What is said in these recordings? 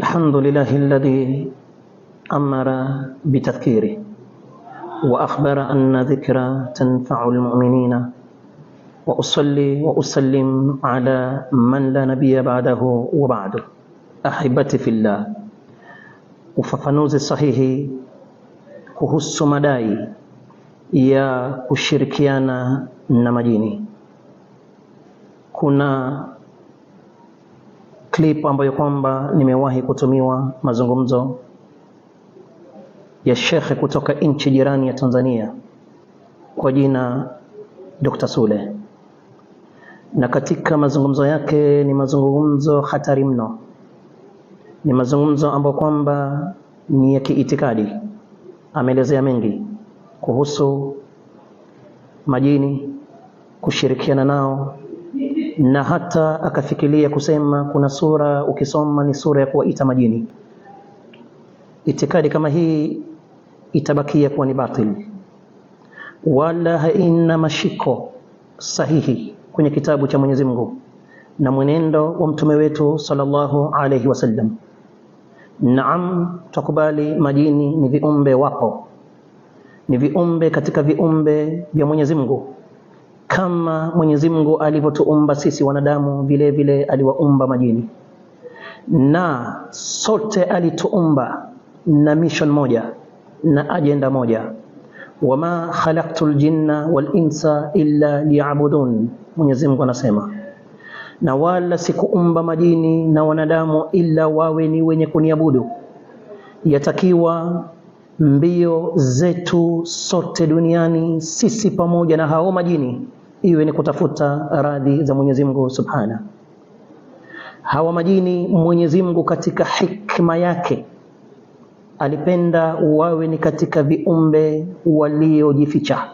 الحمد لله الذي أمر بتذكيره وأخبر أن ذكرى تنفع المؤمنين وأصلي وأسلم على من لا نبي بعده وبعده Ahibati fillah, ufafanuzi sahihi kuhusu madai ya kushirikiana na majini. Kuna clip ambayo kwamba nimewahi kutumiwa mazungumzo ya shekhe kutoka nchi jirani ya Tanzania kwa jina Dr. Sule, na katika mazungumzo yake ni mazungumzo hatari mno, ni mazungumzo ambayo kwamba ni ya kiitikadi. Ameelezea mengi kuhusu majini, kushirikiana nao na hata akafikiria kusema kuna sura ukisoma ni sura ya kuwaita majini. Itikadi kama hii itabakia kuwa ni batil wala haina mashiko sahihi kwenye kitabu cha Mwenyezi Mungu na mwenendo wa mtume wetu sallallahu alayhi wasallam. Naam, tukubali majini ni viumbe, wapo, ni viumbe katika viumbe vya Mwenyezi Mungu kama Mwenyezi Mungu alivyotuumba sisi wanadamu, vile vile aliwaumba majini, na sote alituumba na mission moja na ajenda moja, wama khalaqtul jinna wal insa illa liya'budun. Mwenyezi Mungu anasema, na wala sikuumba majini na wanadamu illa wawe ni wenye kuniabudu. Yatakiwa mbio zetu sote duniani, sisi pamoja na hao majini, iwe ni kutafuta radhi za Mwenyezi Mungu Subhana. Hawa majini Mwenyezi Mungu katika hikma yake alipenda wawe ni katika viumbe waliojificha,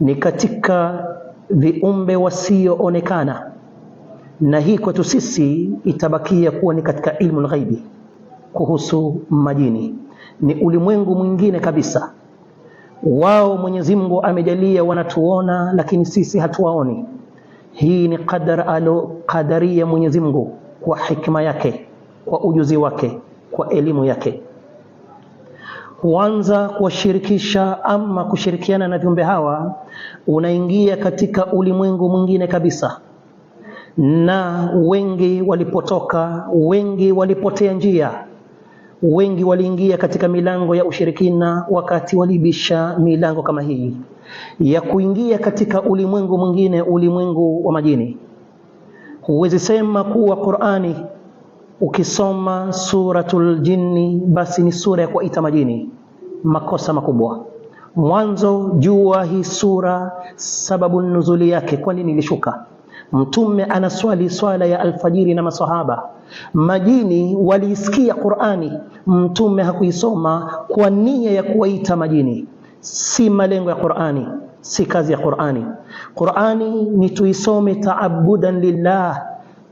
ni katika viumbe wasioonekana, na hii kwetu sisi itabakia kuwa ni katika ilmu lghaibi kuhusu majini ni ulimwengu mwingine kabisa. Wao Mwenyezi Mungu amejalia wanatuona, lakini sisi hatuwaoni. Hii ni qadar alo ya Mwenyezi Mungu kwa hikma yake, kwa ujuzi wake, kwa elimu yake kuanza kuwashirikisha ama kushirikiana na viumbe hawa, unaingia katika ulimwengu mwingine kabisa. Na wengi walipotoka, wengi walipotea njia, Wengi waliingia katika milango ya ushirikina wakati walibisha milango kama hii ya kuingia katika ulimwengu mwingine, ulimwengu wa majini. Huwezi sema kuwa Qur'ani ukisoma Suratul Jinni basi ni sura ya kuwaita majini. Makosa makubwa. Mwanzo jua hii sura sababu nuzuli yake, kwa nini ilishuka? Mtume anaswali swala ya alfajiri na masahaba majini, waliisikia Qur'ani, mtume hakuisoma kwa nia ya kuwaita majini. Si malengo ya Qur'ani, si kazi ya Qur'ani. Qur'ani ni tuisome taabudan lillah,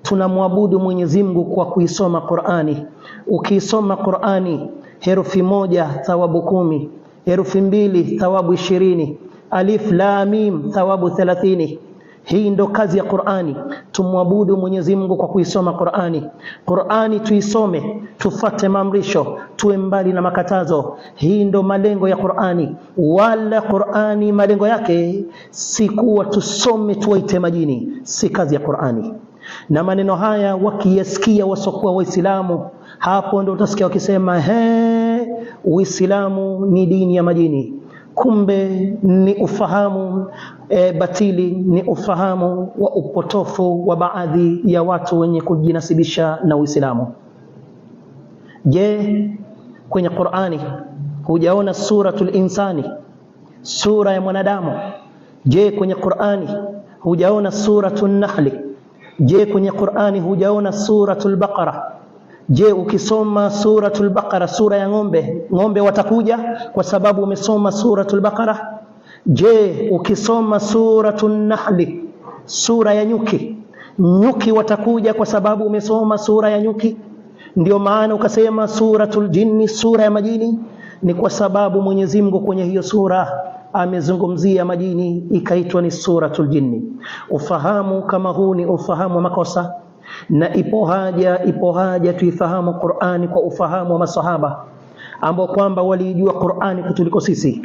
tunamwabudu Mwenyezi Mungu kwa kuisoma Qur'ani. Ukiisoma Qur'ani herufi moja thawabu kumi, herufi mbili thawabu ishirini, alif lam mim thawabu thelathini hii ndo kazi ya Qur'ani, tumwabudu Mwenyezi Mungu kwa kuisoma Qur'ani. Qur'ani tuisome, tufate maamrisho, tuwe mbali na makatazo. Hii ndo malengo ya Qur'ani. Wala Qur'ani malengo yake si kuwa tusome tuwaite majini, si kazi ya Qur'ani. Na maneno haya wakiyasikia wasokuwa Waislamu, hapo ndo utasikia wakisema he, Uislamu ni dini ya majini kumbe ni ufahamu e, batili ni ufahamu wa upotofu wa baadhi ya watu wenye kujinasibisha na Uislamu. Je, kwenye Qur'ani hujaona suratul insani, sura ya mwanadamu? Je, kwenye Qur'ani hujaona suratul nahli? Je, kwenye Qur'ani hujaona suratul baqara? Je, ukisoma suratul Baqara, sura ya ng'ombe, ng'ombe watakuja kwa sababu umesoma suratul Baqara? Je, ukisoma suratul Nahli, sura ya nyuki, nyuki watakuja kwa sababu umesoma sura ya nyuki? Ndio maana ukasema suratul Jinni, sura ya majini, ni kwa sababu Mwenyezi Mungu kwenye hiyo sura amezungumzia majini, ikaitwa ni suratul Jinni. Ufahamu kama huu ni ufahamu wa makosa na ipo haja, ipo haja tuifahamu Qur'ani kwa ufahamu wa masahaba ambao kwamba waliijua Qur'ani kutuliko sisi.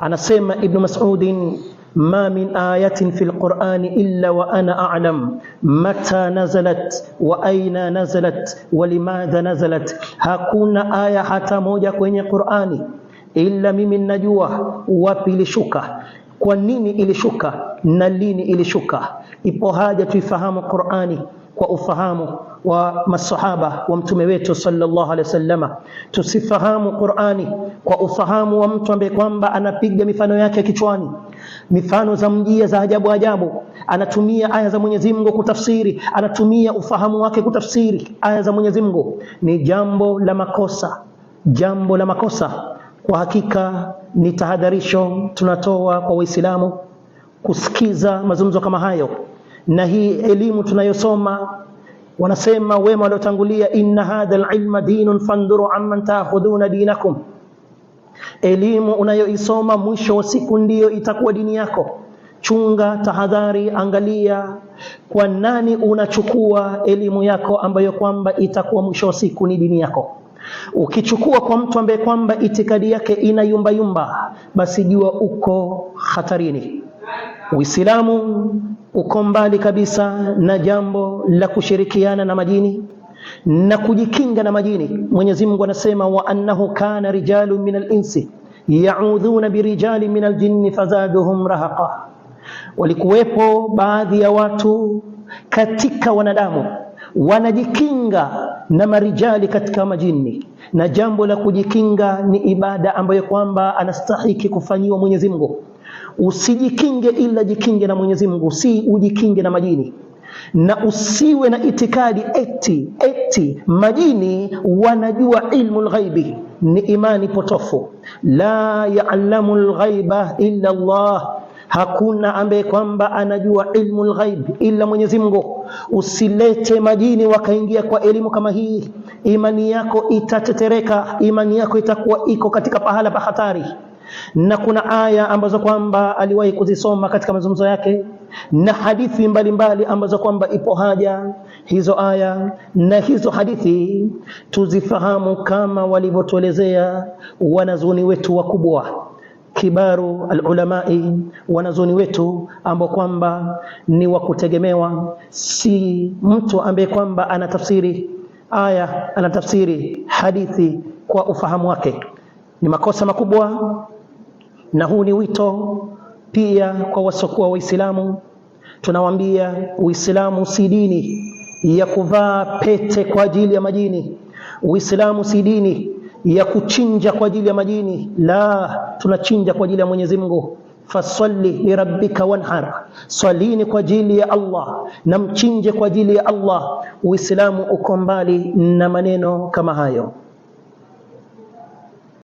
Anasema Ibn Mas'udin, ma min ayatin fil Qur'ani illa wa ana a'lam mata nazalat wa aina nazalat wa limadha nazalat, hakuna aya hata moja kwenye Qur'ani ila mimi najua wapi ilishuka, kwa nini ilishuka na lini ilishuka. Ipo haja tuifahamu Qur'ani kwa ufahamu wa masahaba wa mtume wetu sallallahu alaihi wasallam. tusifahamu Qur'ani kwa ufahamu wa mtu ambaye kwamba anapiga mifano yake kichwani, mifano za mjia za ajabu ajabu anatumia aya za Mwenyezi Mungu kutafsiri, anatumia ufahamu wake kutafsiri aya za Mwenyezi Mungu, ni jambo la makosa, jambo la makosa. Kwa hakika ni tahadharisho tunatoa kwa Waislamu kusikiza mazungumzo kama hayo na hii elimu tunayosoma wanasema wema waliotangulia, inna hadha alilma dinun fanduru amman taakhuduna dinakum, elimu unayoisoma mwisho wa siku ndiyo itakuwa dini yako. Chunga tahadhari, angalia kwa nani unachukua elimu yako ambayo kwamba itakuwa mwisho wa siku ni dini yako. Ukichukua kwa mtu ambaye kwamba itikadi yake ina yumba yumba basi jua uko hatarini. Uislamu uko mbali kabisa na jambo la kushirikiana na majini na kujikinga na majini. Mwenyezi Mungu anasema wa annahu kana rijalun min insi yaudhuna birijali min aljinni fazaduhum rahaqa, walikuwepo baadhi ya watu katika wanadamu wanajikinga na marijali katika majini, na jambo la kujikinga ni ibada ambayo kwamba anastahiki kufanyiwa Mwenyezi Mungu. Usijikinge ila jikinge na Mwenyezi Mungu, si ujikinge na majini na usiwe na itikadi eti eti majini wanajua ilmu lghaibi. Ni imani potofu. La yaalamu lghaiba illa Allah, hakuna ambaye kwamba anajua ilmu lghaibi illa Mwenyezi Mungu. Usilete majini wakaingia kwa elimu kama hii, imani yako itatetereka, imani yako itakuwa iko katika pahala pa hatari na kuna aya ambazo kwamba aliwahi kuzisoma katika mazungumzo yake na hadithi mbalimbali ambazo kwamba ipo haja hizo aya na hizo hadithi tuzifahamu kama walivyotuelezea wanazuni wetu wakubwa kibaru alulamai, wanazuni wetu ambao kwamba ni wa kutegemewa, si mtu ambaye kwamba anatafsiri aya, anatafsiri hadithi kwa ufahamu wake. Ni makosa makubwa na huu ni wito pia kwa wasokuwa Waislamu, tunawaambia Uislamu si dini ya kuvaa pete kwa ajili ya majini. Uislamu si dini ya kuchinja kwa ajili ya majini, la, tunachinja kwa ajili ya Mwenyezi Mungu. Fasalli lirabbika wanhar, swalini kwa ajili ya Allah na mchinje kwa ajili ya Allah. Uislamu uko mbali na maneno kama hayo.